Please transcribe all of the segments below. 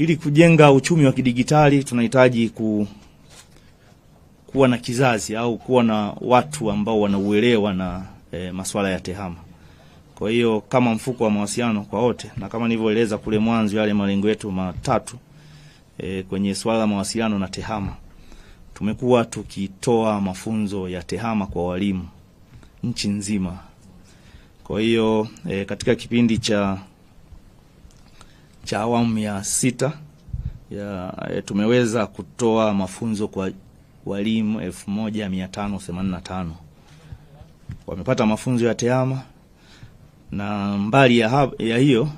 Ili kujenga uchumi wa kidigitali tunahitaji ku, kuwa na kizazi au kuwa na watu ambao wanauelewa na e, eh, masuala ya tehama. Kwa hiyo kama mfuko wa mawasiliano kwa wote na kama nilivyoeleza kule mwanzo yale malengo yetu matatu e, kwenye swala la mawasiliano na tehama tumekuwa tukitoa mafunzo ya tehama kwa walimu nchi nzima. Kwa hiyo e, katika kipindi cha cha awamu ya sita ya, ya eh, tumeweza kutoa mafunzo kwa walimu 1585 wamepata mafunzo ya tehama, na mbali ya, ha ya hiyo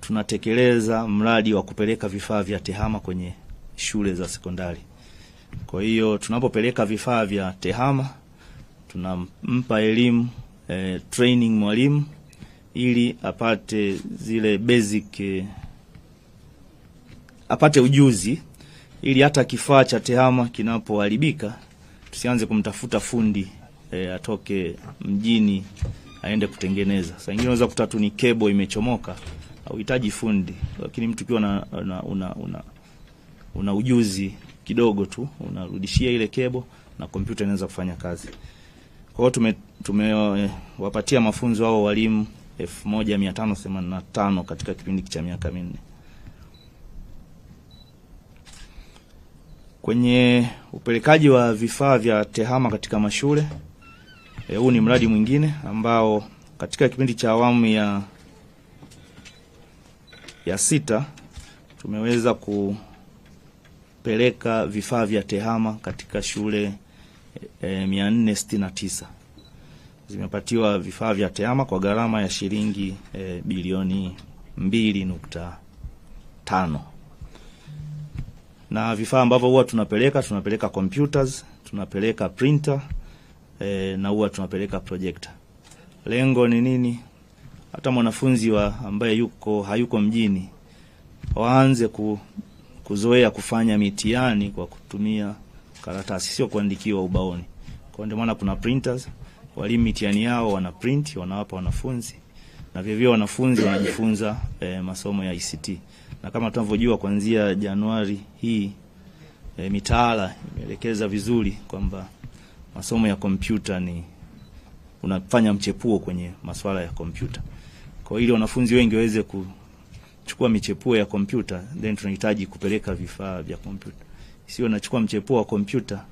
tunatekeleza mradi wa kupeleka vifaa vya tehama kwenye shule za sekondari. Kwa hiyo tunapopeleka vifaa vya tehama tunampa elimu eh, training mwalimu ili apate zile basic eh, apate ujuzi ili hata kifaa cha tehama kinapoharibika tusianze kumtafuta fundi e, atoke mjini aende kutengeneza. Sasa ingine unaweza kuta tu ni kebo imechomoka, hauhitaji fundi, lakini mtu ukiwa una, una, una, una, ujuzi kidogo tu unarudishia ile kebo na kompyuta inaweza kufanya kazi. Kwa hiyo tumewapatia tume, eh, mafunzo hao walimu elfu moja mia tano themanini tano katika kipindi cha miaka minne. Kwenye upelekaji wa vifaa vya TEHAMA katika mashule e, huu ni mradi mwingine ambao katika kipindi cha awamu ya, ya sita tumeweza kupeleka vifaa vya TEHAMA katika shule eh, e, 469 zimepatiwa vifaa vya TEHAMA kwa gharama ya shilingi e, bilioni 2.5 na vifaa ambavyo huwa tunapeleka tunapeleka computers, tunapeleka printer e, na huwa tunapeleka projector. Lengo ni nini? Hata mwanafunzi wa ambaye yuko hayuko mjini waanze ku, kuzoea kufanya mitihani kwa kutumia karatasi, sio kuandikiwa ubaoni. Kwa ndio maana kuna printers, walimu mitihani yao wana print wanawapa wanafunzi, na vivyo wanafunzi wanajifunza e, masomo ya ICT na kama tunavyojua kuanzia Januari hii e, mitaala imeelekeza vizuri kwamba masomo ya kompyuta ni unafanya mchepuo kwenye masuala ya kompyuta. Kwa hiyo wanafunzi wengi waweze kuchukua michepuo ya kompyuta, then tunahitaji kupeleka vifaa vya kompyuta. Sio nachukua mchepuo wa kompyuta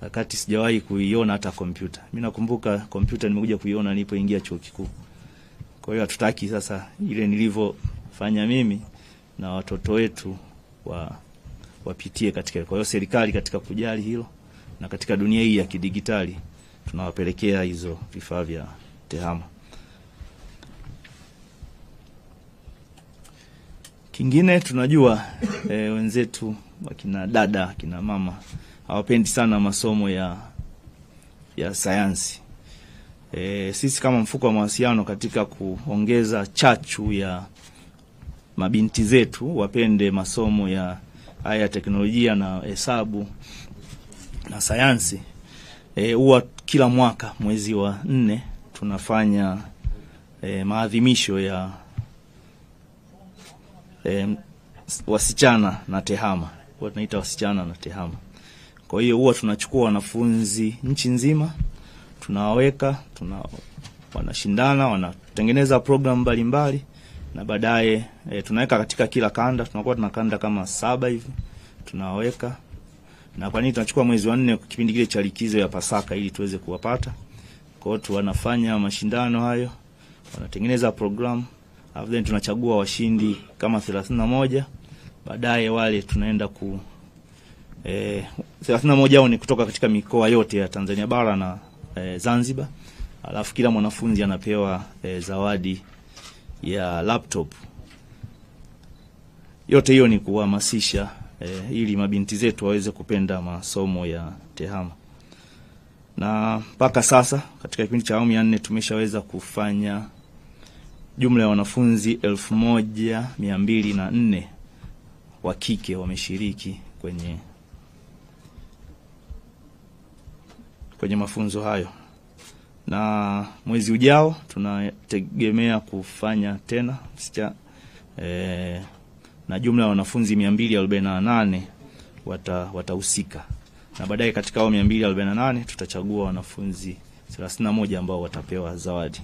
wakati sijawahi kuiona hata kompyuta. Mimi nakumbuka kompyuta nimekuja kuiona nilipoingia chuo kikuu. Kwa hiyo hatutaki sasa ile nilivyofanya mimi na watoto wetu wa, wapitie katika. Kwa hiyo serikali katika kujali hilo na katika dunia hii ya kidigitali tunawapelekea hizo vifaa vya TEHAMA. Kingine tunajua e, wenzetu wakina dada wakina mama hawapendi sana masomo ya, ya sayansi. E, sisi kama mfuko wa mawasiliano katika kuongeza chachu ya mabinti zetu wapende masomo ya haya teknolojia na hesabu na sayansi. E, huwa e, kila mwaka mwezi wa nne tunafanya e, maadhimisho ya e, wasichana na tehama, huwa tunaita wasichana na tehama. Kwa hiyo huwa tunachukua wanafunzi nchi nzima, tunawaweka tuna wanashindana, wanatengeneza programu mbalimbali na baadaye e, tunaweka katika kila kanda, tunakuwa tuna kanda kama saba hivi tunaweka. Na kwa nini tunachukua mwezi wa nne kipindi kile cha likizo ya Pasaka ili tuweze kuwapata. Kwa hiyo wanafanya mashindano hayo, wanatengeneza programu, alafu then tunachagua washindi kama 31 baadaye wale tunaenda ku eh, 31 hao ni kutoka katika mikoa yote ya Tanzania bara na e, Zanzibar. Alafu kila mwanafunzi anapewa e, zawadi ya laptop. Yote hiyo ni kuhamasisha eh, ili mabinti zetu waweze kupenda masomo ya tehama, na mpaka sasa katika kipindi cha awamu ya nne tumeshaweza kufanya jumla ya wanafunzi elfu moja mia mbili na nne wa kike wameshiriki kwenye kwenye mafunzo hayo na mwezi ujao tunategemea kufanya tena msichana e, eh, na jumla ya wanafunzi 248 watahusika wata na baadaye katika hao 248 tutachagua wanafunzi 31 ambao watapewa zawadi.